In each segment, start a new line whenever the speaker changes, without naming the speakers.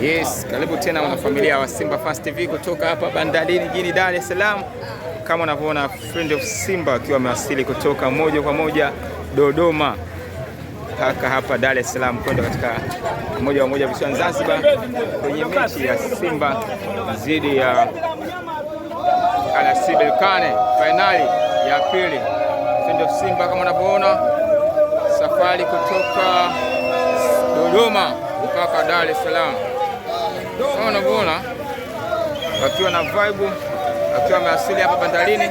Yes, karibu tena wanafamilia wa Simba Fans TV kutoka hapa bandarini jijini Dar es Salaam. Kama unavyoona friend of Simba akiwa amewasili kutoka moja kwa moja Dodoma mpaka hapa Dar es Salaam kwenda katika moja kwa moja visiwani Zanzibar kwenye mechi ya Simba dhidi ya RS Berkane fainali ya pili. Friend of Simba kama unavyoona safari kutoka Dodoma mpaka Dar es Salaam. Unavyoona wakiwa na vibe, wakiwa ameasili hapa bandarini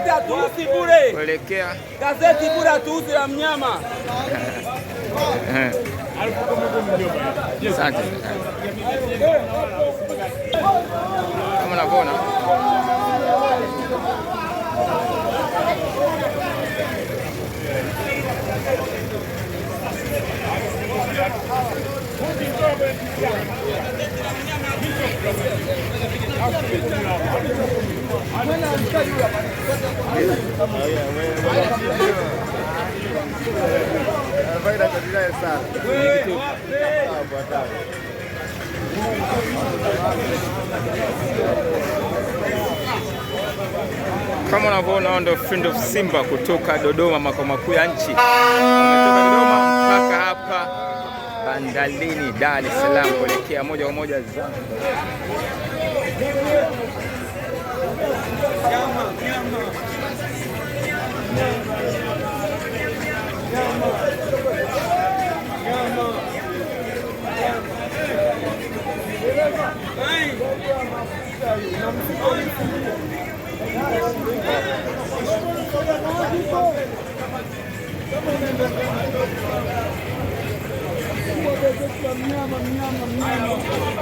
kuelekea
gazeti bure atuuzi la mnyama.
Asante kama unavyoona Kama unavyoona ndio Friend of Simba kutoka Dodoma, makao makuu ya nchi, kutoka Dodoma mpaka hapa bandarini Dar es Salaam kuelekea moja kwa moja za Mnyama, mnyama, mnyama.